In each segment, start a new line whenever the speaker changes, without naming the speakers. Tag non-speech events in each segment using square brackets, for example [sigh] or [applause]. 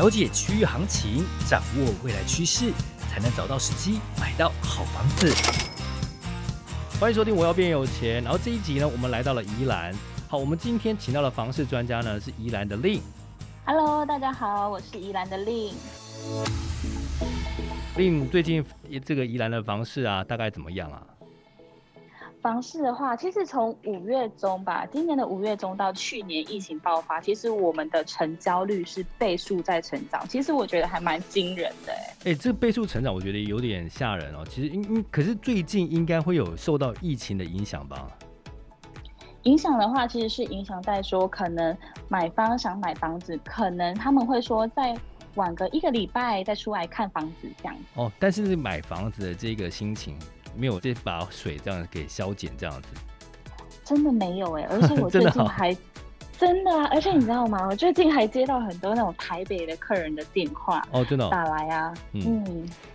了解區域行情，掌握未來趨勢，才能找到時機買到好房子。歡迎收聽《我要變有錢》，然後這一集呢，我們來到了宜蘭。好，我們今天請到的房市專家呢，是宜蘭的令。
Hello，大家好，我是宜蘭的
令。令，最近這個宜蘭的房市啊，大概怎麼樣啊？
房市的話，其實從五月中吧，今年的五月中到去年疫情爆發，其實我們的成交率是倍數在成長，其實我覺得還蠻驚人的。
哎、欸，這個倍數成長，我覺得有點嚇人哦。其實，嗯，可是最近應該會有受到疫情的影響吧？
影響的話，其實是影響在說，可能買方想買房子，可能他們會說再晚個一個禮拜再出來看房子這樣子。
哦，但是，是買房子的這個心情。沒有，這把水這樣給消減這樣子，
真的沒有哎，而且我最近還 [laughs] 真，的、啊、真的啊，而且你知道嗎？ [laughs] 我最近還接到很多那種台北的客人的電話、啊、哦，真的打來啊，嗯，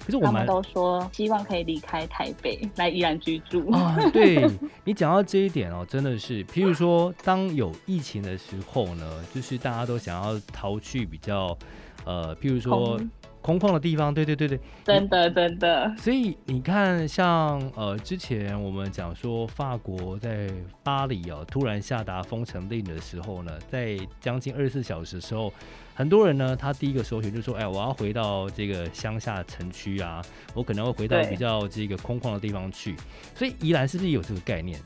可是我們都說希望可以離開台北來宜蘭居住、啊、對
[laughs] 你講到這一點哦，真的是，譬如說當有疫情的時候呢，就是大家都想要逃去比較呃，譬如說。空曠的地方，對對對對，真的真的。所以你看像，像呃，之前我們講說，法國在巴黎哦，突然下達封城令的時候呢，在將近二十四小時的時候，很多人呢，他第一個首選就說：“哎，我要回到這個鄉下城區啊，我可能會回到比較這個空曠的地方去。”所以，宜蘭是不是有這個概念？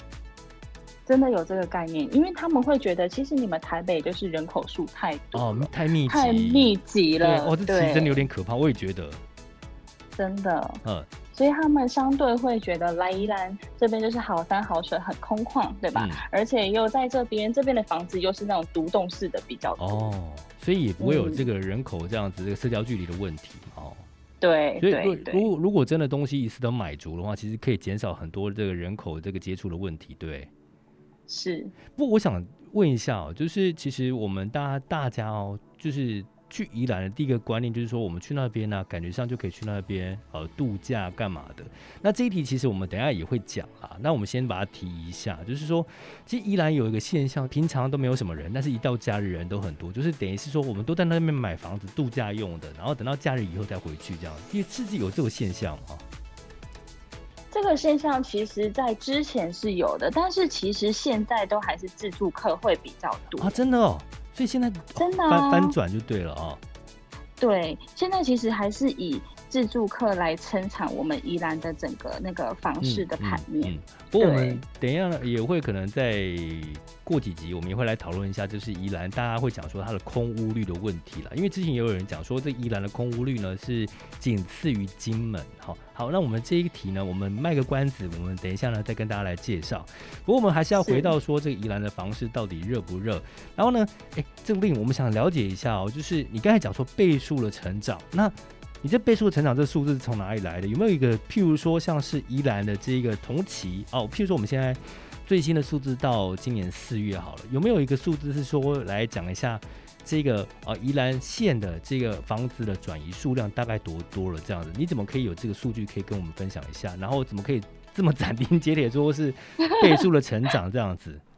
真的有這個概念，因為他們會覺得，其實你們台北就是人口數太
多，哦，太密，太密
集了。哦，這其實真的有
點可怕。我也覺得，
真的，嗯，所以他們相對會覺得，宜蘭這邊就是好山好水，很空曠，對吧、嗯？而且又在這邊，這邊的房子又是那種獨棟式的比較多，哦，
所以也不會有這個人口這樣子、嗯、這個社交距離的問題，哦，對。
所以，
如如如果真的東西一次都買足的話，其實可以減少很多這個人口這個接觸的問題，對。是，不過我想問一下哦，就是其實我們大家、大家哦，就是去宜蘭的第一個觀念就是說，我們去那邊呢、啊，感覺上就可以去那邊呃度假幹嘛的。那這一題其實我們等一下也會講啦，那我們先把它提一下，就是說，其實宜蘭有一個現象，平常都沒有什麼人，但是一到假日人都很多，就是等於是說我們都在那邊買房子度假用的，然後等到假日以後再回去這樣，因為實際有這種現象嗎？
這個現象其實，在之前是有的，但是其實現在都還是自主客會比較多啊，真的哦，所以現在真的、啊哦、翻
轉就對了哦。
對，現在其實還是以。自住客來
撐場，我們宜蘭的整個那個房市的盤面，嗯嗯嗯。不過我們等一下也會可能再過幾集，我們也會來討論一下，就是宜蘭大家會講說它的空屋率的問題了。因為之前也有人講說，這宜蘭的空屋率呢是僅次於金門。好，好，那我們這一題呢，我們賣個關子，我們等一下呢再跟大家來介紹。不過我們還是要回到說，這個宜蘭的房市到底熱不熱？然後呢，哎、欸，這令我們想了解一下哦、喔，就是你剛才講說倍數的成長，那。你這倍數成長，這數字是從哪裡來的？有沒有一個，譬如說，像是宜蘭的這個同期哦，譬如說，我們現在最新的數字到今年四月好了，有沒有一個數字是說，來講一下這個呃宜蘭縣的這個房子的轉移數量大概多多了這樣子？你怎麼可以有這個數據可以跟我們分享一下？然後怎麼可以這麼斬釘截鐵說是倍數的成長這樣子？ [laughs]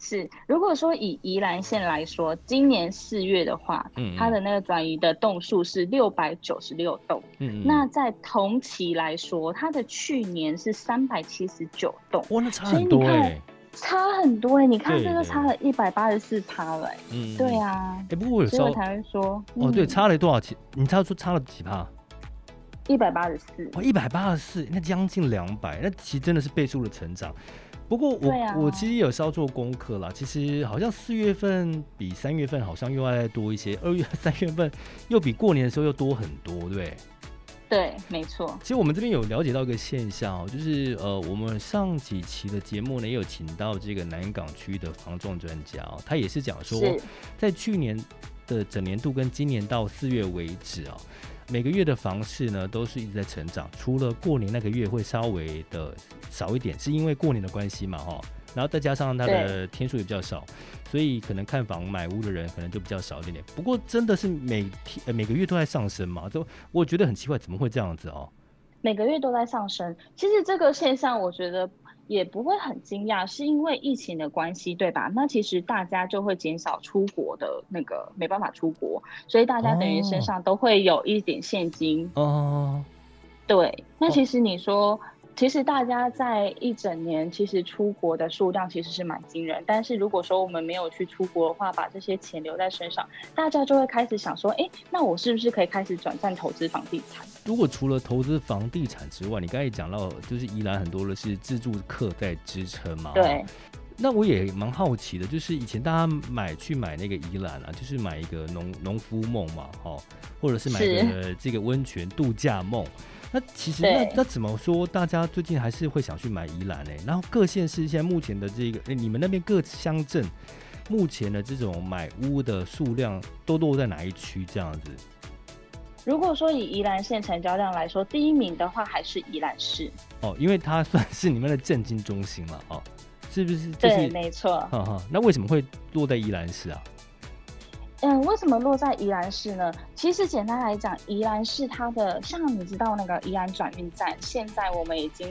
是，如果說以宜蘭縣來說，今年四月的話嗯嗯，它的那個轉移的棟數是六百九十六棟。嗯，嗯，嗯，那在同期來說，它的去年是三百七十九棟。哇，那差很多哎、欸，差很多哎、欸，你看這個差了一百八十四趴了哎。嗯、欸，對啊。哎、欸，不過所以我才會說，哦，對，
差了多少錢？你差出差了幾趴？一
百八十四。哦，一
百八十四，那將近兩百，那其實真的是倍數的成長。不過我、啊、我其實有稍做功課了，其實好像四月份比三月份好像又要再多一些，二月三月份又比過年的時候又多很多，對，
對，沒錯。
其實我們這邊有了解到一個現象就是呃，我們上幾期的節目呢也有請到這個南港區的房仲專家，他也是講說是，在去年的整年度跟今年到四月為止啊。每個月的房市呢，都是一直在成長，除了過年那個月會稍微的少一點，是因為過年的關係嘛、哦，哈，然後再加上它的天數也比較少，所以可能看房買屋的人可能就比較少一點點。不過真的是每天、呃、每個月都在上升嘛，就我覺得很奇怪，怎麼會這樣子哦？每
個月都在上升，其實這個現象我覺得。也不會很驚訝，是因為疫情的關係，對吧？那其實大家就會減少出國的那個，沒辦法出國，所以大家等於身上都會有一點現金。哦，對，那其實你說。哦其實大家在一整年，其實出國的數量其實是蠻驚人。但是如果說我們沒有去出國的話，把這些錢留在身上，大家就會開始想說：，哎、欸，那我是不是可以開始轉戰投資房地產？
如果除了投資房地產之外，你剛才也講到就是宜蘭很多的是自助客在支撐嘛。對。哦、那我也蠻好奇的，就是以前大家買去買那個宜蘭啊，就是買一個農農夫夢嘛，哈、哦，或者是買一個這個溫泉度假夢。那其實那那怎麼說？大家最近還是會想去買宜蘭呢、欸。然後各縣市現在目前的這個，欸、你們那邊各鄉鎮目前的這種買屋的數量，都落在哪一區這樣子？
如果說以宜蘭縣成交量來說，第一名的話還是宜蘭市
哦，因為它算是你們的政經中心嘛，哦，是不是、就是？對，沒錯。那為什麼會落在宜蘭市啊？
嗯，為什麼落在宜蘭市呢？其實簡單來講，宜蘭市它的，像你知道那個宜蘭轉運站，現在我們已經，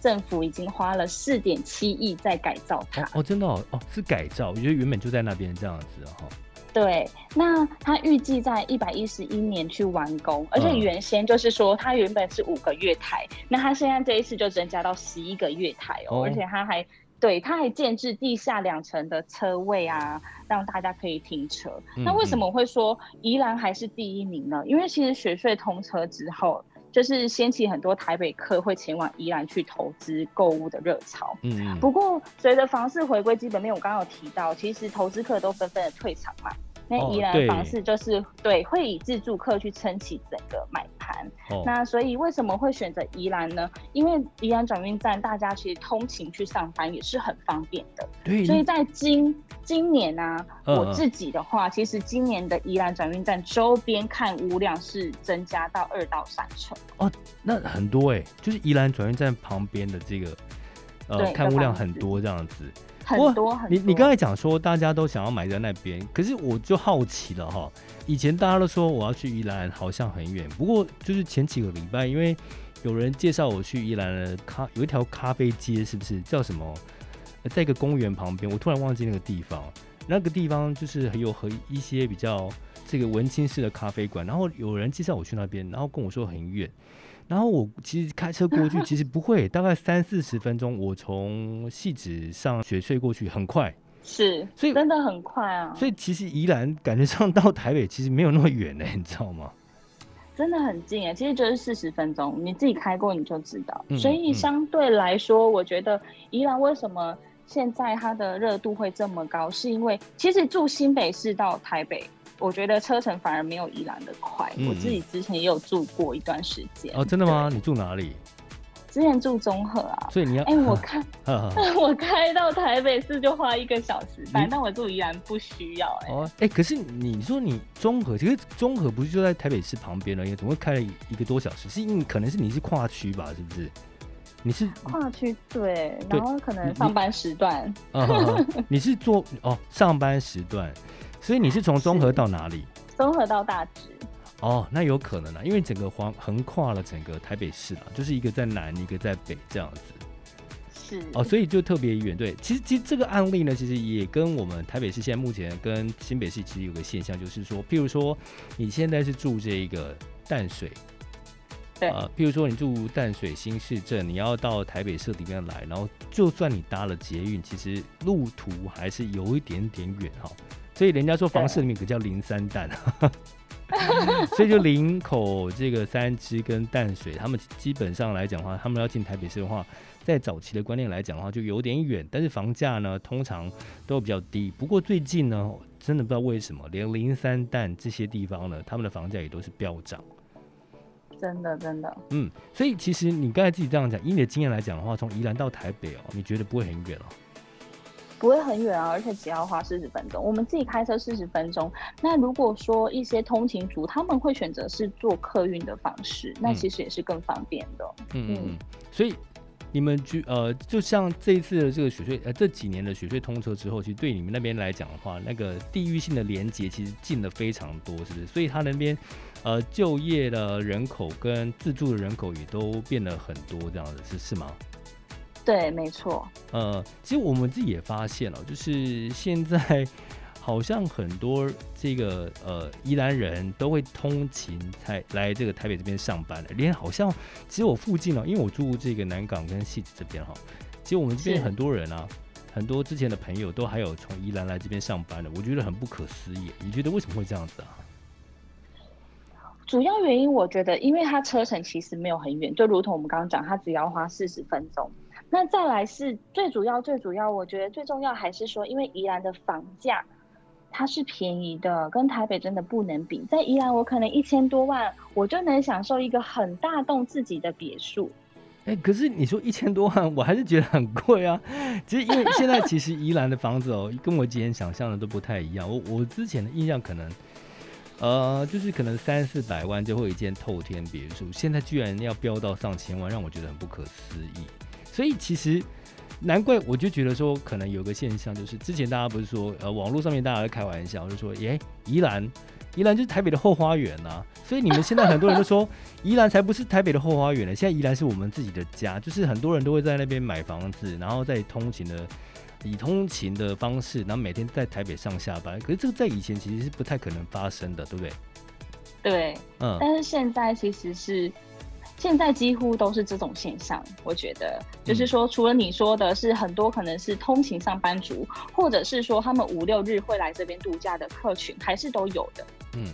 政府已經花了四點七億在改造
它。哦，哦，真的哦，哦，是改造。我覺得原本就在那邊這樣子哦。
對，那它預計在一百一十一年去完工，而且原先就是說它原本是五個月台、嗯，那它現在這一次就增加到十一個月台哦，哦，而且它還。對，它還建置地下兩層的車位啊，讓大家可以停車。嗯嗯，那為什麼會說宜蘭還是第一名呢？因為其實雪隧通車之後，就是掀起很多台北客會前往宜蘭去投資購屋的熱潮。嗯，嗯，不過隨着房市回歸基本面，我剛剛有提到，其實投資客都紛紛的退場嘛。那宜蘭房市就是、哦、對，對，會以自住客去撐起整個買盤、哦。那所以為什麼會選擇宜蘭呢？因為宜蘭轉運站，大家其實通勤去上班也是很方便的。所以在今今年呢、啊嗯，我自己的話，其實今年的宜蘭轉運站周邊看屋量是增加到二到三成。哦，那
很多哎、欸，就是宜蘭轉運站旁邊的這個，呃，對看屋量很多這樣子。很多很多，你你剛才講說大家都想要買在那邊，可是我就好奇了哈。以前大家都說我要去宜蘭好像很遠，不過就是前幾個禮拜，因為有人介紹我去宜蘭的咖有一條咖啡街，是不是叫什麼在一個公園旁邊？我突然忘記那個地方，那個地方就是有和一些比較這個文青式的咖啡館，然後有人介紹我去那邊，然後跟我說很遠。然後我其實開車過去，其實不會 [laughs] 大概三四十分鐘。我從汐止上雪隧過去很快，
是，所以真的很快啊。所
以其實宜蘭感覺上到台北其實沒有那麼遠呢，你知道嗎？
真的很近哎，其實就是四十分鐘，你自己開過你就知道。嗯、所以相對來說，嗯、我覺得宜蘭為什麼現在它的熱度會這麼高，是因為其實住新北市到台北。我覺得車程反而沒有宜蘭的快。嗯。我自己之前也有住過一段時
間。哦，真的嗎？你住哪裡？
之前住中和
啊。所以你要哎、欸，我看，呵
呵呵 [laughs] 我開到台北市就花一個小時半，但我住宜
蘭不需要哎、欸。哦，哎、欸，可是你說你中和，其實中和不是就在台北市旁邊呢？也總會開了一個多小時？是因為可能是你是跨區吧？是不是？你是跨
區對，對，然後可能上班時段。你，你、哦、 [laughs] 呵呵
你是坐哦，上班時段。所以你是從中和到哪裡？
中和到大直。
哦，那有可能啊，因為整個橫橫跨了整個台北市啦、啊，就是一個在南，一個在北這樣子。是。哦，所以就特別遠。對，其實其實這個案例呢，其實也跟我們台北市現在目前跟新北市其實有個現象，就是說，譬如說你現在是住這一個淡水，對、呃，譬如說你住淡水新市鎮，你要到台北市裡面來，然後就算你搭了捷運，其實路途還是有一點點遠哈。所以人家說房市裡面可叫零三蛋， [laughs] [laughs] 所以就林口這個三芝跟淡水，他們基本上來講的話，他們要進台北市的話，在早期的觀念來講的話，就有點遠。但是房價呢，通常都比較低。不過最近呢，真的不知道為什麼連零三蛋這些地方呢，他們的房價也都是飆漲。
真的，真的。
嗯，所以其實你剛才自己這樣講，以你的經驗來講的話，從宜蘭到台北哦、喔，你覺得不會很遠哦、喔。
不會很遠啊，而且只要花四十分鐘，我們自己開車四十分鐘。那如果說一些通勤族，他們會選擇是坐客運的方式，那其實也是更方便的。嗯，
嗯，所以你們就呃，就像這一次的這個雪隧，呃，這幾年的雪隧通車之後，其實對你們那邊來講的話，那個地域性的連接其實進的非常多，是不是？所以他那邊呃，就業的人口跟自住的人口也都變了很多，這樣子，是是嗎？
對，沒錯。
呃，其實我們自己也發現了，就是現在好像很多這個呃宜蘭人都會通勤才來這個台北這邊上班的。連好像其實我附近呢，因為我住這個南港跟汐止這邊哈，其實我們這邊很多人啊，很多之前的朋友都還有從宜蘭來這邊上班的，我覺得很不可思議。你覺得為什麼會這樣子啊？
主要原因我覺得，因為它車程其實沒有很遠，就如同我們剛剛講，他只要花四十分鐘。那再來是最主要、最主要，我覺得最重要還是說，因為宜蘭的房價它是便宜的，跟台北真的不能比。在宜蘭，我可能一千多萬，我就能享受一個很大棟自己的別墅、
欸。可是你說一千多萬，我還是覺得很貴啊。其實，因為現在其實宜蘭的房子哦、喔， [laughs] 跟我之前想象的都不太一樣。我我之前的印象可能，呃，就是可能三四百萬就會有一間透天別墅，現在居然要飆到上千萬，讓我覺得很不可思議。所以其實，難怪我就覺得說，可能有個現象就是，之前大家不是說，呃，網絡上面大家都開玩笑，就說，耶、欸，宜蘭，宜蘭就是台北的後花園啊。所以你們現在很多人都說， [laughs] 宜蘭才不是台北的後花園呢！現在宜蘭是我們自己的家，就是很多人都會在那邊買房子，然後在通勤的以通勤的方式，然後每天在台北上下班。可是這個在以前其實是不太可能發生的，對不
對？對，嗯。但是現在其實是。現在幾乎都是這種現象，我覺得就是說，除了你說的是很多可能是通勤上班族，嗯、或者是說他們五六日會來這邊度假的客群，還是都有的。嗯，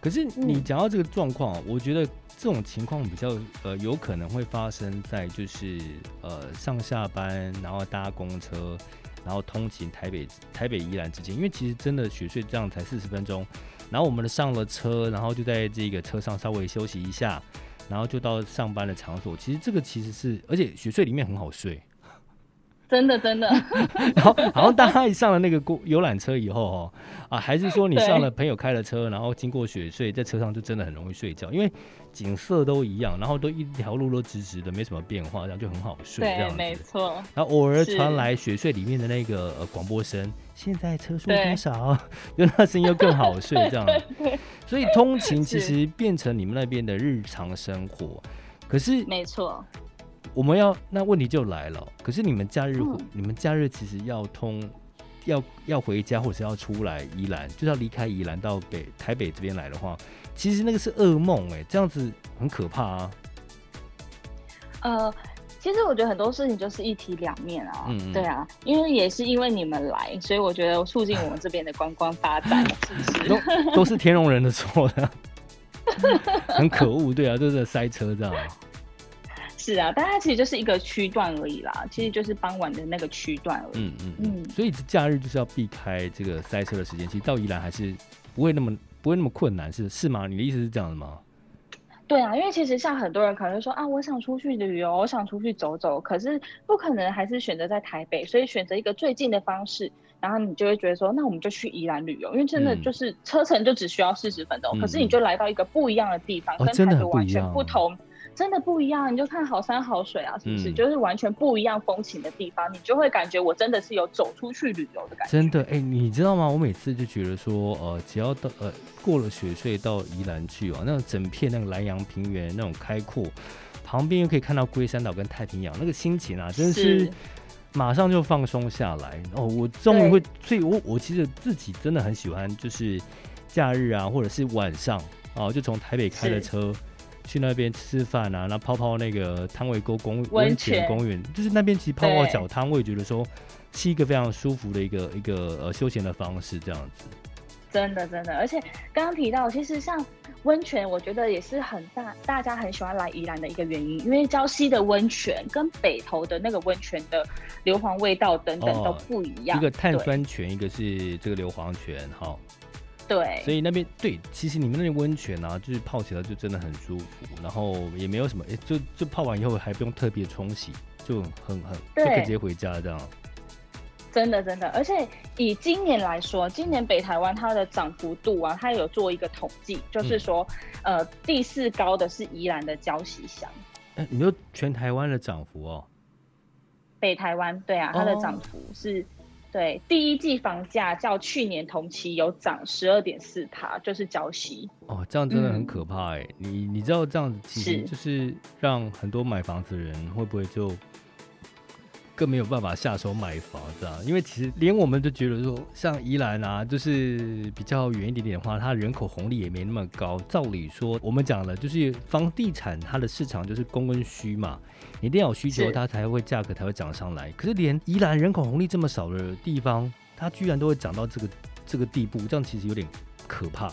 可是你講到這個狀況、嗯，我覺得這種情況比較呃有可能會發生在就是呃上下班，然後搭公車，然後通勤台北台北宜蘭之間，因為其實真的雪睡雪隧這樣才四十分鐘，然後我們上了車，然後就在這個車上稍微休息一下，然後就到上班的場所，其實這個其實是，而且雪隧裡面很好睡，
真的真的。 [laughs]
然後，然後大家一上了那個過遊覽車以後，哦，啊，還是說你上了朋友開了車，然後經過雪隧，在車上就真的很容易睡覺，因為景色都一樣，然後都一條路路直直的，沒什麼變化，這樣就很好睡這樣。對，沒
錯。然
後偶爾傳來雪隧裡面的那個廣播聲。現在車速多少？有那聲音又更好睡，這樣。
[laughs] 所以通勤其實
變成你們那邊的日常生活。 [laughs] 是可是，沒錯。我們要那問題就來了。可是你們假日，嗯、你們假日其實要通，要要回家，或是要出來宜蘭，就是要離開宜蘭到北台北這邊來的話，其實那個是噩夢哎、欸，這樣子很可怕啊。
呃。其實我覺得很多事情就是一體兩面啊。嗯嗯，對啊，因為也是因為你們來，所以我覺得促進我們這邊的觀光發展， [laughs] 是不是？都，都是
天龍人的錯的，
[laughs] 很可
惡，對啊，就是這塞車，這樣啊，
是啊，大家其實就是一個區段而已啦，其實就是傍晚的那個區段而
已，嗯嗯嗯，所以假日就是要避開這個塞車的時間，其實到宜蘭還是不會那麼不會那麼困難。是是，是是嗎？你的意思是這樣的嗎？
對啊，因為其實像很多人可能說啊，我想出去旅遊，我想出去走走，可是不可能還是選擇在台北，所以選擇一個最近的方式，然後你就會覺得說，那我們就去宜蘭旅遊，因為真的就是車程就只需要四十分鐘，嗯，可是你就來到一個不一樣的地方，嗯、跟台就完全不同，跟台北完全不同。哦真的不一樣，你就看好山好水啊，是不是、嗯？就是完全不一樣風情的地方，你就會感覺我真的是有走出去旅遊的感覺。
真的，哎、欸，你知道嗎？我每次就覺得說，呃，只要到呃過了雪隧到宜蘭去啊，那種整片那個蘭陽平原那種開闊，旁邊又可以看到龜山島跟太平洋，那個心情啊，真的是馬上就放鬆下來哦。我終於會，所以我我其實自己真的很喜歡，就是假日啊，或者是晚上啊，就從台北開的車。去那邊吃飯啊，那泡泡那個湯圍溝公溫泉公園，就是那邊其實泡泡小湯圍覺得說是一個非常舒服的一個一個呃休閒的方式，這樣子。
真的真的，而且剛剛提到，其實像溫泉，我覺得也是很大大家很喜歡來宜蘭的一個原因，因為礁溪的溫泉跟北投的那個溫泉的硫磺味道等等都不一樣，哦、一個碳酸
泉，一個是這個硫磺泉，哈、哦。對，所以那邊對，其實你們那邊溫泉啊，就是泡起來就真的很舒服，然後也沒有什麼，哎，就就泡完以後還不用特別沖洗，就很很，很對，就直接回家這樣。
真的真的，而且以今年來說，今年北台灣它的漲幅度啊，它有做一個統計，就是說，嗯、呃，第四高的是宜蘭的礁溪鄉。
哎，你說全台灣的漲幅哦？
北台灣對啊，它的漲幅是。哦對，第一季房價較去年同期有漲十二點四趴，就是礁溪
哦，這樣真的很可怕哎、嗯！你你知道這樣子，其實就是讓很多買房子的人會不會就更沒有辦法下手買房子啊？因為其實連我們都覺得說，像宜蘭啊，就是比較遠一點點的話，它人口紅利也沒那麼高。照理說，我們講的，就是房地產它的市場就是供跟需嘛。一定要有需求，它才會價格才會漲上來。可是連宜蘭人口紅利這麼少的地方，它居然都會漲到這個這個地步，這樣其實有點可怕。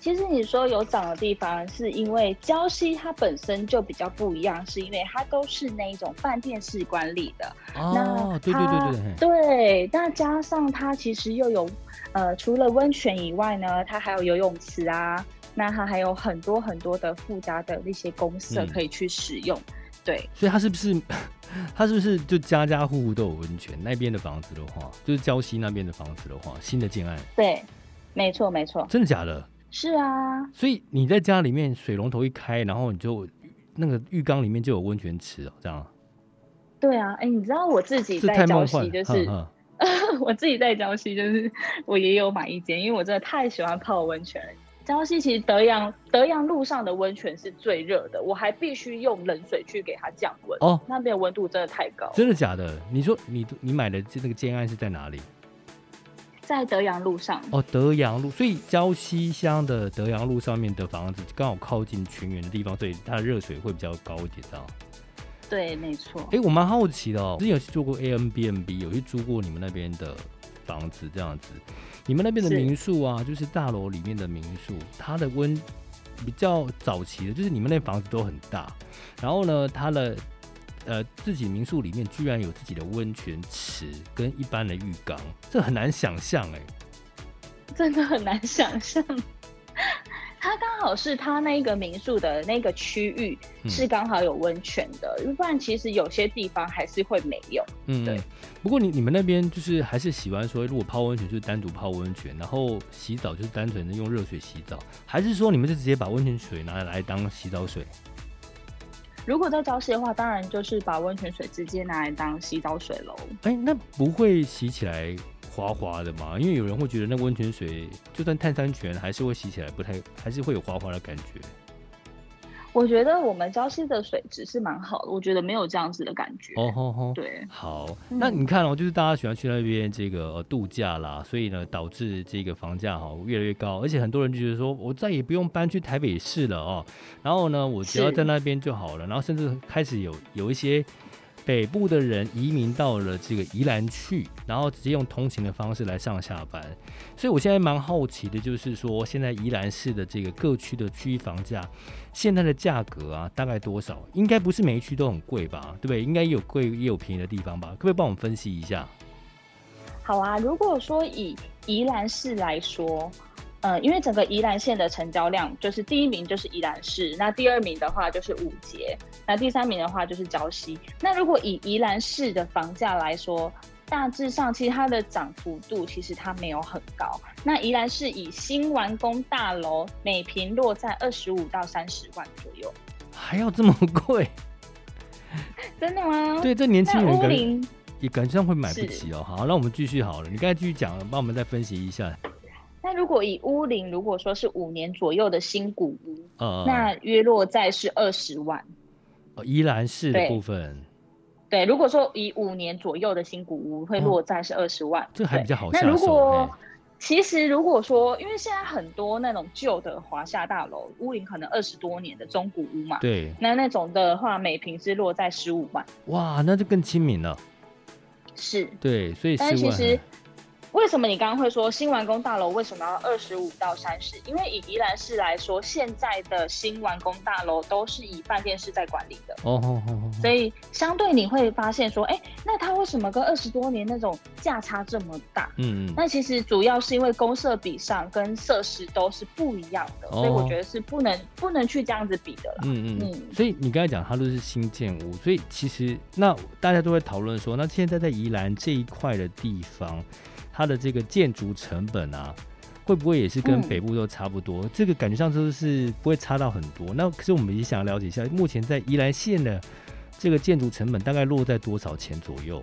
其實你說有漲的地方，是因為礁溪它本身就比較不一樣，是因為它都是那一種飯店式管理的。啊、那對對對對對，對，那加上它其實又有呃，除了溫泉以外呢，它還有游泳池啊，那它還有很多很多的附加的那些公設可以去使用。嗯對，所以他是
不是， [laughs] 他是不是就家家戶戶，戶都有溫泉？那邊的房子的話，就是礁溪那邊的房子的話，新的建案。對，
沒錯沒錯。真的假的？是啊。
所以你在家裡面水龍頭一開，然後你就那個浴缸裡面就有溫泉池哦、喔，這樣。
對啊，哎、欸，你知道我自己在礁溪就是， [laughs] 呵呵 [laughs] 我自己在礁溪就是，我也有買一間，因為我真的太喜歡泡溫泉了。礁溪其實德陽德陽路上的溫泉是最熱的，我還必須用冷水去給它降溫哦。那邊溫度真的太高，真
的假的？你說你你買的那個建案是在哪裡？
在德陽路上哦，
德陽路。所以礁溪鄉的德陽路上面的房子剛好靠近泉源的地方，所以它的熱水會比較高一點，知道，
對，沒錯。哎、欸，我
蠻好奇的哦，之前有去住過 A M B M B，有去租過你們那邊的。房子這樣子，你們那邊的民宿啊？是。就是大樓裡面的民宿，它的溫比較早期的，就是你們那房子都很大，然後呢，它的呃自己民宿裡面居然有自己的溫泉池跟一般的浴缸，這很難想象哎、欸，
真的很難想象。可是他那個民宿的那個區域是剛好有溫泉的，不然，嗯，其實有些地方還是會沒有。嗯，嗯，
對。不過你你們那邊就是還是喜歡說，如果泡溫泉就單獨泡溫泉，然後洗澡就是單純的用熱水洗澡，還是說你們是直接把溫泉水拿來當洗澡水？
如果在礁溪的話，當然就是把溫泉水直接拿來當洗澡水嘍。
哎、欸，那不會洗起來？滑滑的嘛，因為有人會覺得那個溫泉水，就算碳酸泉，還是會洗起來不太，還是會有滑滑的感覺。
我覺得我們礁溪的水質是蠻好的，我覺得沒有這樣子的感
覺。哦吼吼，對，好，嗯、那你看哦、喔，就是大家喜歡去那邊這個、呃、度假啦，所以呢，導致這個房價哈越來越高，而且很多人就覺得說我再也不用搬去台北市了哦、喔，然後呢，我只要在那邊就好了，然後甚至開始有有一些。北部的人移民到了這個宜蘭去，然後直接用通勤的方式來上下班。所以我現在蠻好奇的，就是說現在宜蘭市的這個各區的區域房價，現在的價格啊，大概多少？應該不是每一區都很貴吧，對不對？應該也有貴也有便宜的地方吧？可不可以幫我們分析一下？
好啊，如果說以宜蘭市來說。嗯，因為整個宜蘭縣的成交量，就是第一名就是宜蘭市，那第二名的話就是五結，那第三名的話就是礁溪。那如果以宜蘭市的房價來說，大致上其實它的漲幅度其實它沒有很高。那宜蘭市以新完工大樓，每坪落在二十五到三十萬左右，
還要這麼貴？
真的嗎？對，這年輕人你
感覺會買不起哦、喔。好，那我們繼續好了，你剛才繼續講了，幫我們再分析一下。
那如果以屋齡，如果說是五年左右的新古屋，呃、嗯，那約落在是二十萬。
宜蘭市的部分，
對，對如果說以五年左右的新古屋會落在是二十萬、哦，
這還比較好下手。那如果、
欸、其實如果說，因為現在很多那種舊的華廈大樓，屋齡可能二十多年的中古屋嘛，對，那那種的話，每坪是落在十五萬。
哇，那就更親民了。是，對，所以十五萬。
為什麼你剛剛會說，新完工大樓為什麼要二十五到三十？因為以宜蘭市來說，現在的新完工大樓都是以飯店式在管理的哦，oh, oh, oh, oh, oh. 所以相對你會發現說，哎、欸，那它為什麼跟二十多年那種價差這麼大？嗯嗯，那其實主要是因為公設比上跟設施都是不一樣的，oh. 所以我覺得是不能不能去這樣子比的啦。嗯嗯嗯。
所以你剛才講它都是新建物，所以其實那大家都會討論說，那現在在宜蘭這一塊的地方，它的這個建築成本啊，會不會也是跟北部都差不多？嗯，這個感覺上就是不會差到很多。那可是我們也想了解一下，目前在宜蘭縣的這個建築成本大概落在多少錢左右？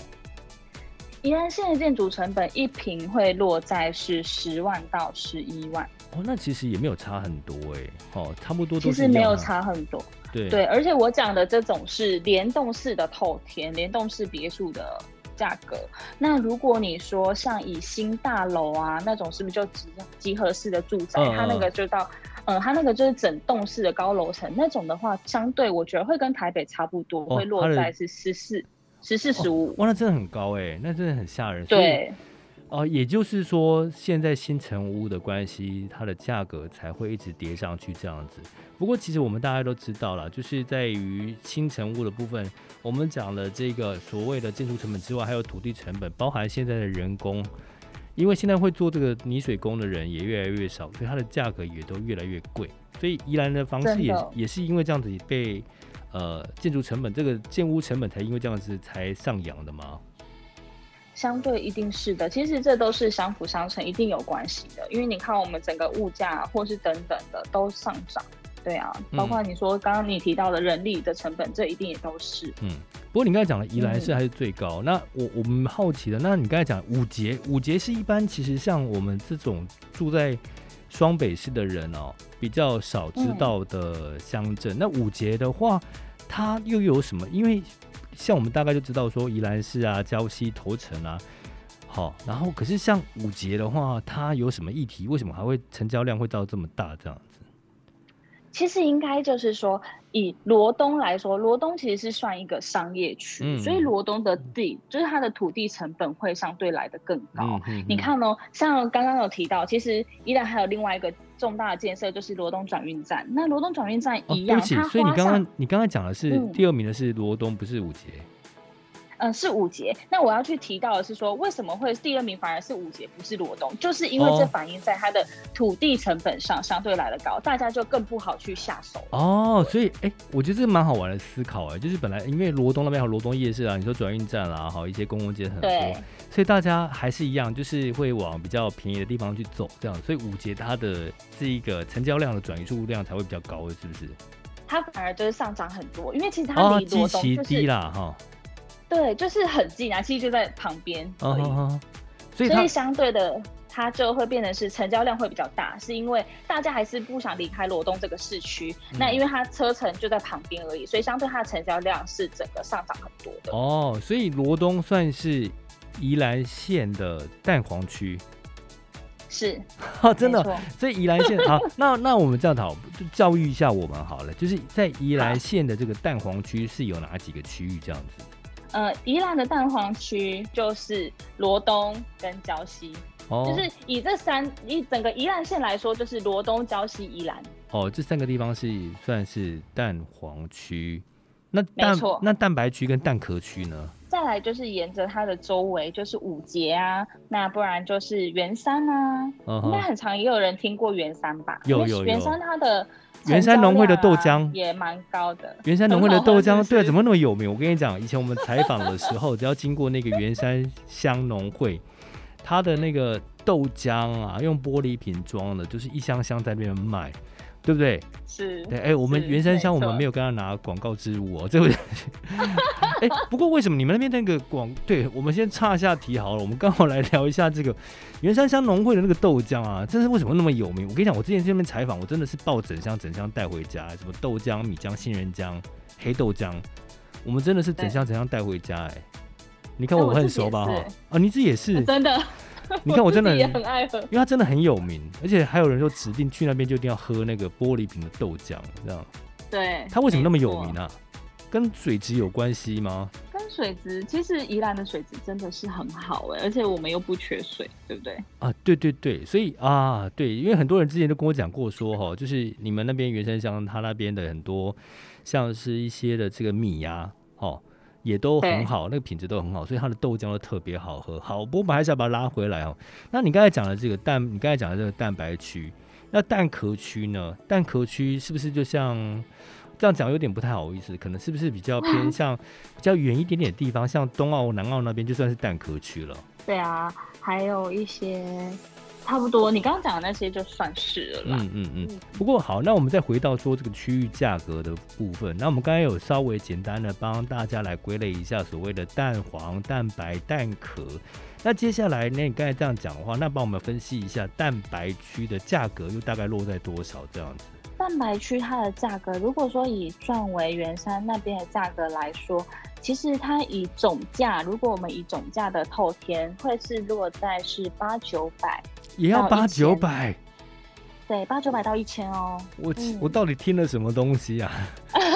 宜蘭縣的建築成本一平坪會落在是十萬到十一萬。
哦，那其實也沒有差很多哎，哦，差不多都是。其實沒有差
很多。對對，而且我講的這種是連棟式的透天，連棟式別墅的價格，那如果你說像以新大樓啊那種，是不是就集集合式的住宅、嗯？它那個就到，嗯，它那個就是整棟式的高樓層那種的話，相對我覺得會跟台北差不多，哦、會落在是十四、十四十五。
哇，那真的很高哎、欸，那真的很嚇人。對。哦、呃，也就是說，現在新成屋的關係，它的價格才會一直跌上去這樣子。不過，其實我們大家都知道了，就是在於新成屋的部分，我們講了這個所謂的建築成本之外，還有土地成本，包含現在的人工。因為現在會做這個泥水工的人也越來越少，所以它的價格也都越來越貴。所以宜蘭的房市也也是因為這樣子被呃建築成本這個建屋成本才因為這樣子才上揚的嘛？
相對一定是的，其實這都是相輔相成，一定有關係的。因為你看，我們整個物價、啊、或是等等的都上漲，對啊、嗯，包括你說剛剛你提到的人力的成本，這一定也都是。
嗯，不過你剛才講的宜蘭市還是最高，嗯，那我我們好奇的，那你剛才講五結，五結是一般其實像我們這種住在雙北市的人哦，喔，比較少知道的鄉鎮，嗯。那五結的話。它又有什麼？因為像我們大概就知道說宜蘭市啊、礁溪、頭城啊，好，然後可是像五結的話，它有什麼議題？為什麼還會成交量會到這麼大這樣？
其實應該就是說，以羅東來說，羅東其實是算一個商業區，嗯，所以羅東的地就是它的土地成本會相對來得更高。嗯嗯，你看哦，喔，像剛剛有提到，其實宜蘭還有另外一個重大的建設，就是羅東轉運站。那羅東轉運站一樣，哦，所以你剛剛
你剛剛講的是第二名的是羅東，嗯，不是五結。
嗯，是五結。那我要去提到的是說，為什麼會第二名反而是五結，不是羅東？就是因為這反映在它的土地成本上相對來的高，大家就更不好去下手。哦，
所以哎、欸，我覺得這個蠻好玩的思考哎，就是本來因為羅東那邊有羅東夜市啊，你說轉運站啦、啊，好一些公共街很多，所以大家還是一樣，就是會往比較便宜的地方去走，這樣，所以五結它的這一個成交量的轉移數量才會比較高，是不是？
它反而就是上漲很多，因為其實它離羅東、就是、哦、低啦哈。對，就是很近啊，其實就在旁邊而已，哦哦哦，所以它，所以相對的，它就會變成是成交量會比較大，是因為大家還是不想離開羅東這個市區，嗯，那因為它車程就在旁邊而已，所以相對它的成交量是整個上漲很多
的。哦，所以羅東算是宜蘭縣的蛋黃區，
是，哦，真的，所
以宜蘭縣 [laughs] 好，那那我們這樣子好，就教育一下我們好了，就是在宜蘭縣的這個蛋黃區是有哪幾個區域這樣子？
呃，宜蘭的蛋黃區就是羅東跟礁溪。哦，就是以這三以整個宜蘭縣來說，就是羅東、礁溪、宜蘭。
哦，這三個地方是算是蛋黃區。那那蛋白區跟蛋殼區呢？嗯？
再來就是沿着它的周圍，就是五結啊，那不然就是員山啊，嗯，應該很常也有人聽過員山吧？有有有。員員山它的員山農會的豆漿、啊，也蠻高的。員山農會的豆漿，對、啊，怎
麼那麼有名？我跟你講，以前我們採訪的時候， [laughs] 只要經過那個員山鄉農會，他的那個豆漿啊，用玻璃瓶裝的，就是一箱箱在那邊賣。對不對？是對哎、欸，我們員山鄉，我們沒有跟他拿廣告植入哦，對不對？哎、欸，不過為什麼你們那邊那個廣？對，我們先岔下題好了，我們剛好來聊一下這個員山鄉農會的那個豆漿啊，真是為什麼那麼有名？我跟你講，我之前這邊採訪，我真的是抱整箱整箱帶回家、欸，什麼豆漿、米漿、杏仁漿、黑豆漿，我們真的是整箱整箱帶回家哎、欸。你看我很熟吧哈？啊，你這也是、啊、真
的。你看，我真的很，我也很愛喝，因
為它真的很有名，而且還有人說指定去那邊就一定要喝那個玻璃瓶的豆漿，這樣。
對。它
為什麼那麼有名啊？跟水質有關係嗎？跟
水質，其實宜蘭的水質真的是很好哎，而且我們又不缺
水，對不對？啊，對對對，所以啊，對，因為很多人之前都跟我講過說哈， [laughs] 就是你們那邊原生鄉，它那邊的很多像是一些的這個米呀，也都很好，那個品質都很好，所以它的豆漿都特別好喝。好，不過我還是要把它拉回來啊、喔。那你剛才講的這個蛋，你剛才講的這個蛋白區，那蛋殼區呢？蛋殼區是不是就像這樣講有點不太好意思？可能是不是比較偏向 [laughs] 比較遠一點點的地方，像東澳、南澳那邊就算是蛋殼區了？
對啊，還有一些。差不多，你剛剛講的那些就算是了啦。
嗯嗯嗯。不過好，那我們再回到說這個區域價格的部分。那我們剛剛有稍微簡單的幫大家來歸類一下所謂的蛋黃、蛋白、蛋殼。那接下來呢？你剛才這樣講的話，那幫我們分析一下蛋白區的價格又大概落在多少這樣子？
蛋白區它的價格，如果說以壯圍、員山那邊的價格來說。其實它以總價，如果我們以總價的透天，會是落在是八九百，
也要八九百，
對，八九百到一千哦。我、嗯、我
到底聽了什麼東西啊？
[laughs]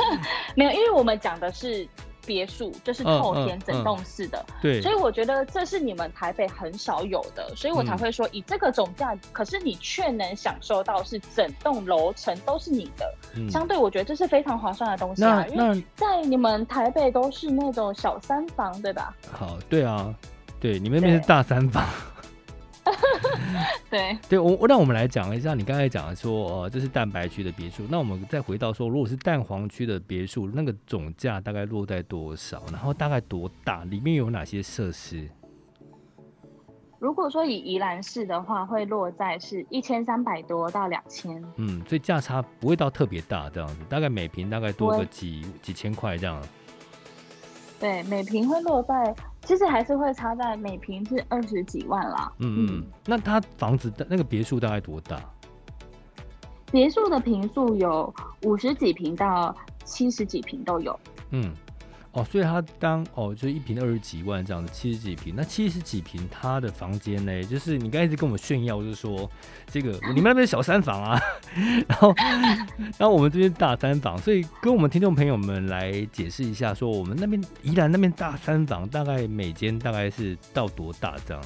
沒有，因為我們講的是。別墅就是透天整棟式的、嗯嗯嗯，對，所以我覺得這是你們台北很少有的，所以我才會說以這個總價，嗯、可是你卻能享受到是整棟樓層都是你的、嗯，相對我覺得這是非常划算的東西啊。因為在你們台北都是那種小三房，對吧？
好，對啊，對你那邊是大三房。
[laughs]
對對，我讓我們來講一下，你剛才講說，呃，這是蛋白區的別墅。那我們再回到說，如果是蛋黃區的別墅，那個總價大概落在多少？然後大概多大？裡面有哪些設施？
如果說以宜蘭市的話，會落在是一千三百多到兩千。
嗯，所以價差不會到特別大這樣子，大概每坪大概多個幾幾千塊這樣。
對，每坪會落在。其實還是會差在每坪是二十幾萬啦。嗯嗯，
那他房子的那個別墅大概多大？
別墅的坪數有五十幾坪到七十幾坪都有。嗯。
哦，所以他當哦，就一坪二十幾萬這樣子，七十幾坪。那七十幾坪，他的房間呢，就是你剛才一直跟我們炫耀就，就是說這個你們那邊小三房啊，然後然後我們這邊大三房。所以跟我們聽眾朋友們來解釋一下說，說我們那邊宜蘭那邊大三房，大概每間大概是到多大這樣？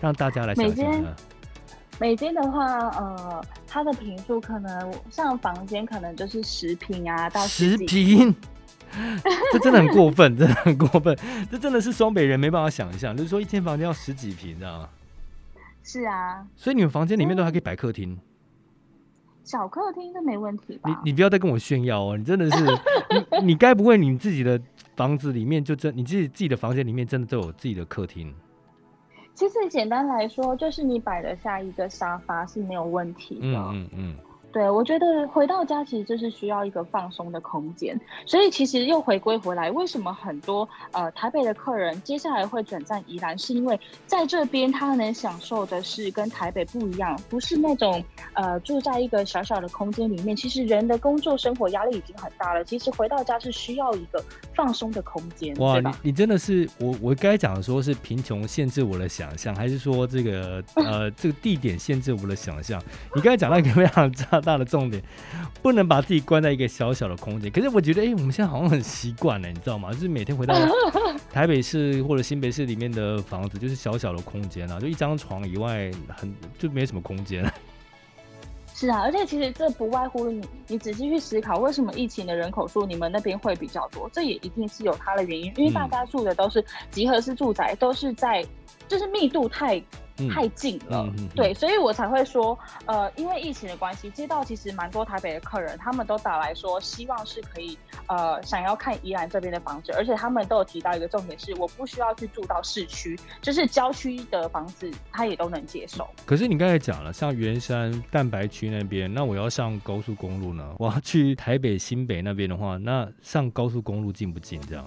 讓大家來想
象。每間的話，呃，它的坪數可能像房間可能就是十坪啊，到十坪。十 [laughs] 這真的很過
分，真的很過分。這真的是雙北人沒辦法想象，就是說一間房間要十幾坪啊。是啊，所以你們房間裡面都還可以擺客廳，
嗯、小客廳都沒問題
吧？你你不要再跟我炫耀哦，你真的是， [laughs] 你你該不會你自己的房子裡面就真你自己自己的房間裡面真的都有自己的客廳？
其實簡單來說，就是你擺得下一個沙發是沒有問題的，啊。嗯嗯。嗯對，我覺得回到家其實就是需要一個放鬆的空間，所以其實又回歸回來，為什麼很多呃台北的客人接下來會轉戰宜蘭？是因為在這邊他能享受的是跟台北不一樣，不是那種呃住在一個小小的空間裡面，其實人的工作生活壓力已經很大了。其實回到家是需要一個放鬆的空間。哇，你
你真的是我我該講的說是貧窮限制我的想象，還是說這個呃 [laughs] 這個地點限制我的想象？你剛才講到一個非常正。大的重點，不能把自己關在一個小小的空間。可是我覺得，哎、欸，我們現在好像很習慣呢，你知道嗎？就是每天回到台北市或者新北市裡面的房子，就是小小的空間啊，就一張床以外很，很就沒什麼空間。
是啊，而且其實這不外乎你，你仔細去思考，為什麼疫情的人口數你們那邊會比較多？這也一定是有它的原因，因為大家住的都是集合式住宅，都是在就是密度太。太近了，對，所以我才會說，呃，因為疫情的關係，接到其實蠻多台北的客人，他們都打來說，希望是可以，呃，想要看宜蘭這邊的房子，而且他們都有提到一個重點是，我不需要去住到市區，就是郊區的房子，他也都能接受。
可是你剛才講了，像員山、蛋白區那邊，那我要上高速公路呢？我要去台北新北那邊的話，那上高速公路近不近？這樣？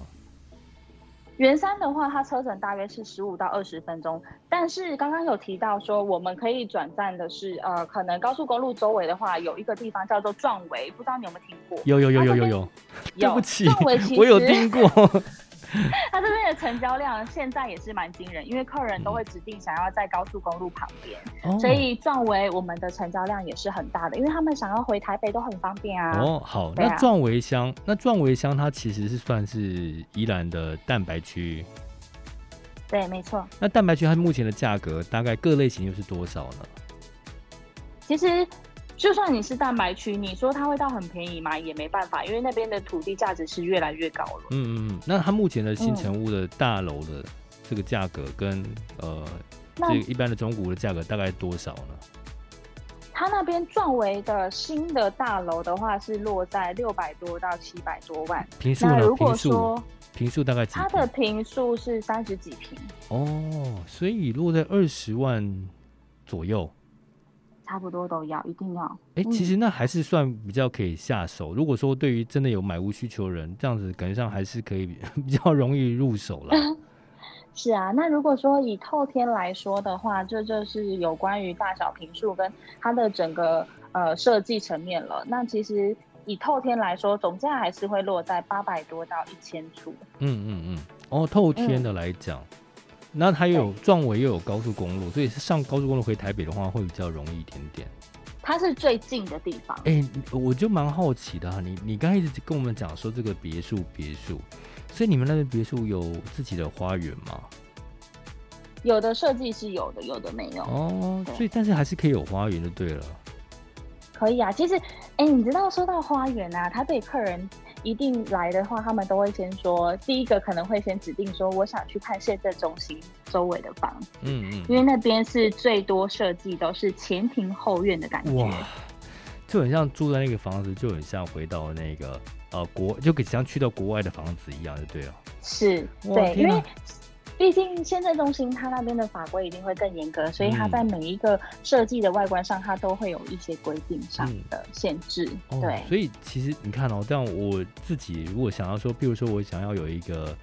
員山的話，它車程大約是十五到二十分鐘，但是剛剛有提到說我們可以轉站的是，呃，可能高速公路周圍的話有一個地方叫做壯圍，不知道你有沒有聽過？
有有有有有有。啊、有對不起，有壯圍，我有聽過。 [laughs]
[laughs] 他這邊的成交量現在也是蠻驚人，因為客人都會指定想要在高速公路旁邊，嗯，所以壯圍我們的成交量也是很大的，因為他們想要回台北都很方便啊。哦，
好，啊、那壯圍鄉那壯圍鄉它其實是算是宜蘭的蛋白區。
對，沒錯。
那蛋白區它目前的價格大概各類型又是多少呢？
其實。就算你是蛋白區，你說它會到很便宜嘛？也沒辦法，因為那邊的土地價值是越來越高了。
嗯嗯嗯。那它目前的新成屋的、嗯、大樓的這個價格跟呃，這一般的中古的價格大概多少呢？
它那邊轉為的新的大樓的話是落在六百多到七百多萬。坪數呢？如果說
坪數大概幾它
的坪數是三十幾坪
哦，所以落在二十萬左右。
差不多都要，一定要。哎、欸嗯，其實那
還是算比較可以下手。如果說對於真的有買屋需求的人，這樣子感覺上還是可以比較容易入手
了。 [laughs] 是啊，那如果說以透天來說的話，這就是有關於大小坪數跟它的整個呃設計層面了。那其實以透天來說，總價還是會落在八百多到一千處。嗯嗯
嗯，哦，透天的來講。嗯那它又有壯圍又有高速公路，所以是上高速公路回台北的話會比較容易一點點。
它是最近的地方。
哎、欸，我就蠻好奇的哈、啊，你你剛才一直跟我們講說這個別墅別墅，所以你們那邊別墅有自己的花園嗎？
有的設計是有的，有的沒有哦。所以
但是還是可以有花園就對了。
可以啊，其實哎、欸，你知道說到花園啊，它對客人。一定來的話，他們都會先說，第一個可能會先指定說，我想去看現在中心周圍的房，嗯嗯，因為那邊是最多設計都是前庭後院的感覺，哇，
就很像住在那個房子，就很像回到那個呃國，就像去到國外的房子一樣，對哦，
是，對，啊、因為。畢竟簽證中心它那邊的法規一定會更嚴格，所以它在每一個設計的外觀上，它都會有一些規定上的限制，嗯哦。對，
所以其實你看哦、喔，這樣我自己如果想要說，譬如說我想要有一個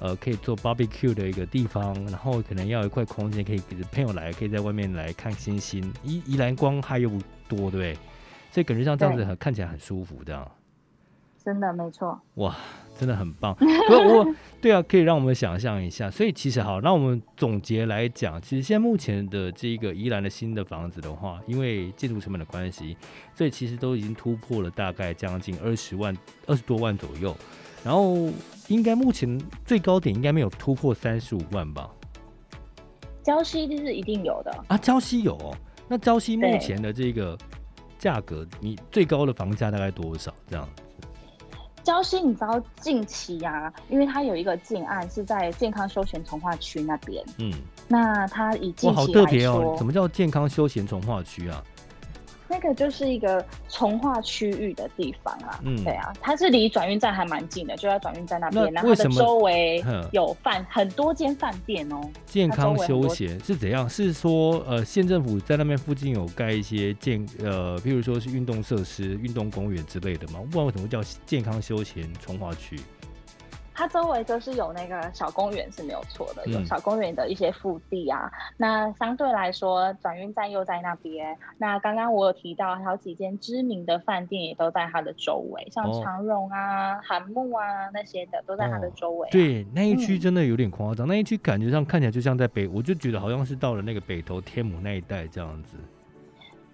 呃可以做 barbecue 的一個地方，然後可能要有一塊空間可以給朋友來，可以在外面來看星星，宜宜蘭光害又不多，對不對？所以感覺像這樣子很，看起來很舒服這樣，
真的，沒錯。
哇。真的很棒，我我 [laughs] 對啊，可以讓我們想象一下。所以其實好，那我們總結來講，其實現在目前的這個宜蘭的新的房子的話，因為建築成本的關係，所以其實都已經突破了大概將近二十萬、二十多萬左右。然後應該目前最高點應該沒有突破三十五萬吧？
礁溪就是一定有的
啊，礁溪有哦。那礁溪目前的這個價格，你最高的房價大概多少？這樣？
礁溪，你知道近期啊，因為它有一個建案是在健康休閒重劃區那邊。嗯，那它以近期好特別哦、來說，什麼
叫健康休閒重劃區啊？
那個就是一個重劃區域的地方啦、啊，嗯，對啊，它是離轉運站還蠻近的，就在轉運站那邊，然後它的周圍有飯很多間飯店哦、喔。健康休閒
是怎樣？是說呃，縣政府在那邊附近有蓋一些健呃，譬如說是運動設施、運動公園之類的嗎？不然為什麼叫健康休閒重劃區？
它周圍就是有那個小公園是沒有錯的，有小公園的一些腹地啊。嗯、那相對來說，轉運站又在那邊。那剛剛我有提到，好幾間知名的飯店也都在它的周圍，像長榮啊、哦、寒沐啊那些的，都在它的周圍、啊哦。對，
那一區真的有點誇張、嗯，那一區感覺上看起來就像在北，我就覺得好像是到了那個北投天母那一帶這樣子。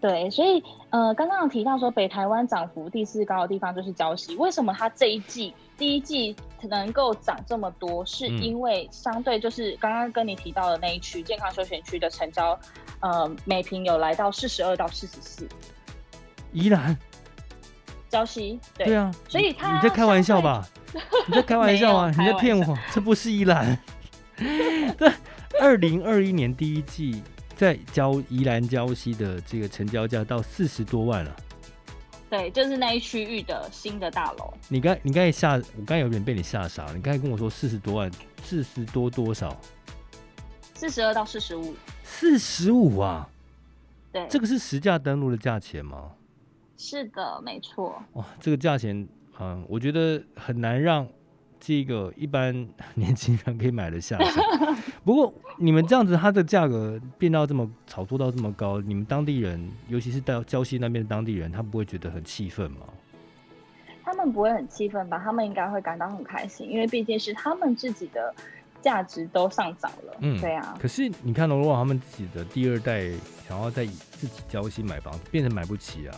對，所以呃，剛剛提到說北台灣漲幅第四高的地方就是礁溪，為什麼它這一季第一季能夠漲這麼多？是因為相對就是剛剛跟你提到的那一區健康休閒區的成交，呃，每坪有來到四十二到四十四。
宜蘭，
礁溪。對，對啊，所以他你
在開玩笑吧？
你在開玩笑啊！ [laughs] 笑你在騙我？
這不是宜蘭。對，二零二一年第一季。在宜蘭礁溪的這個成交價到四十多萬了、
啊，對，就是那一區域的新的大樓。
你剛你剛才嚇，我剛有點被你嚇傻了。你剛才跟我說四十多萬，四十多多少？
四十二到四十五，
四十五啊？對，
這個是
實價登錄的價錢嗎？
是的，沒錯。
哇、哦，這個價錢，嗯，我覺得很難讓。這個一般年輕人可以買得下
去，
[laughs] 不過你們這樣子，它的價格變到這麼炒作到這麼高，你們當地人，尤其是到郊溪那邊的當地人，他們不會覺得很氣憤嗎？
他們不會很氣憤吧？他們應該會感到很開心，因為畢竟是他們自己的價值都上漲了。嗯，對啊。
可是你看，如果他們自己的第二代想要在自己礁溪買房，變成買不起啊？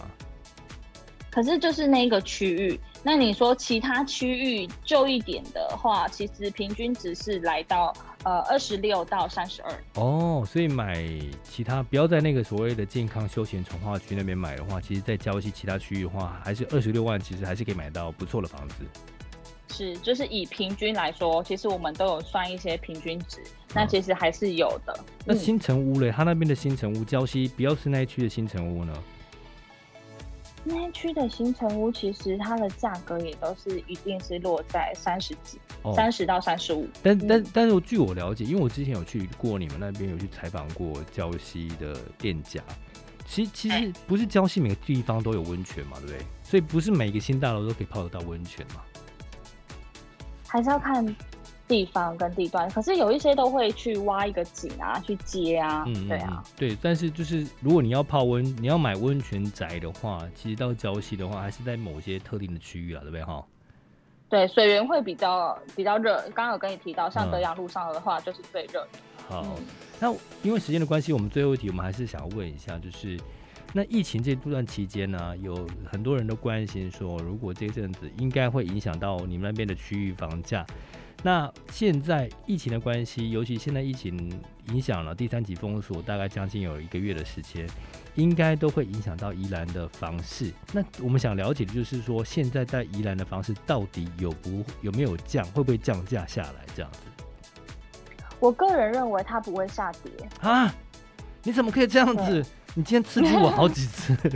可是就是那個區域，那你說其他區域舊一點的話，其實平均值是來到呃二十六到三十
二哦。所以買其他不要在那個所謂的健康休閒重劃區那邊買的話，其實在礁溪其他區域的話，還是二十六萬，其實還是可以買到不錯的房子。
是，就是以平均來說，其實我們都有算一些平均值，那其實還是有的。嗯嗯、那
新成屋嘞，他那邊的新成屋，礁溪不要是那一區的新成屋呢？
些區的新成屋，其實它的價格也都是一定是落在三十幾，哦，三十到三十五。
但但但是據我了解，因為我之前有去過你們那邊，有去採訪過礁溪的店家。其實其實不是礁溪每個地方都有溫泉嘛，對不對？所以不是每個新大樓都可以泡得到溫泉嘛，
還是要看。地方跟地段，可是有一些都會去挖一個井啊，去接啊，嗯、
對啊，對。但是就是如果你要泡溫，你要買溫泉宅的話，其實到礁溪的話，還是在某些特定的區域啊，對不對哈？
對，水源會比較比較熱。剛剛有跟你提到，像德陽路上
的話，嗯、就是最熱。好、嗯，那因為時間的關係，我們最後一題，我們還是想要問一下，就是那疫情這段期間呢、啊，有很多人都關心說，如果這陣子應該會影響到你們那邊的區域房價？那現在疫情的關係，尤其現在疫情影響了第三級封鎖，大概將近有一個月的時間，應該都會影響到宜蘭的房市。那我們想了解的就是說，現在在宜蘭的房市到底有不有沒有降，會不會降價下來這樣子？
我個人認為它不會下跌
啊！你怎麼可以這樣子？你今天刺激我好幾次。 [laughs]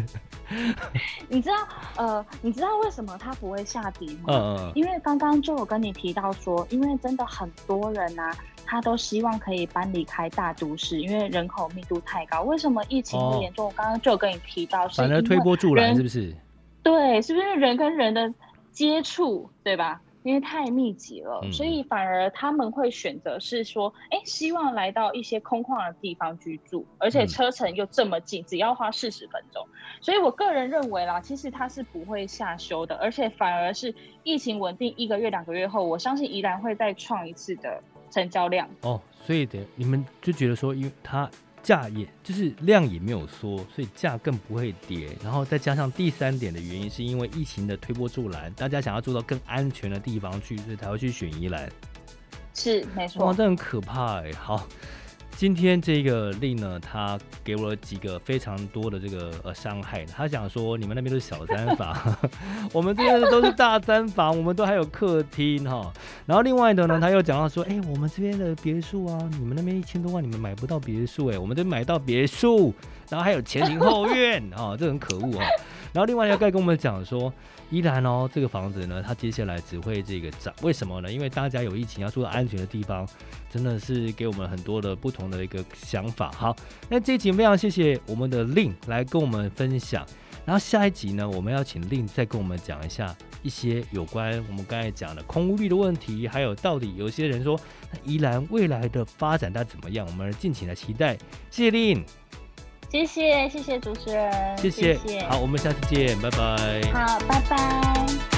[laughs] 你知道呃，你知道為什麼他不會下定嗎、嗯？因為剛剛就有跟你提到說，因為真的很多人吶、啊，他都希望可以搬離開大都市，因為人口密度太高。為什麼疫情那麼嚴重？哦、我剛剛就有跟你提到是，反而推波助瀾是不是？對，是不是因為人跟人的接觸，對吧？因為太密集了，嗯，所以反而他們會選擇是說，哎、欸，希望來到一些空曠的地方居住，而且車程又這麼近，嗯，只要花四十分鐘。所以我個人認為啦，其實他是不會下修的，而且反而是疫情穩定一個月，兩個月後，我相信宜蘭會再創一次的成交量。哦，
所以的你們就覺得說，因為他。價也就是量也沒有縮，所以價更不會跌。然後再加上第三點的原因，是因為疫情的推波助瀾，大家想要住到更安全的地方去，所以才會去選宜蘭。
是沒錯，哇，這很
可怕哎、欸。好。今天這個麟呢，他給我了幾個非常多的這個呃傷害。他講說，你們那邊都是小三房， [laughs] [laughs] 我們這邊都是大三房，我們都還有客廳哈、哦。然後另外的呢，他又講到說，哎、欸，我們這邊的別墅啊，你們那邊一千多萬你們買不到別墅、欸，哎，我們這邊買到別墅，然後還有前庭後院啊、哦，這很可惡啊、哦。然後另外要再跟我們講說，宜蘭哦，這個房子呢，它接下來只會這個漲，為什麼呢？因為大家有疫情要住到安全的地方，真的是給我們很多的不同的一個想法。好，那這一集非常謝謝我們的麟來跟我們分享。然後下一集呢，我們要請麟再跟我們講一下一些有關我們剛才講的空屋率的問題，還有到底有些人說宜蘭未來的發展它怎麼樣，我們敬請來期待。謝謝麟。
謝謝謝謝主持人，謝謝,謝謝,好，我
們下次見，拜拜。
好，拜拜。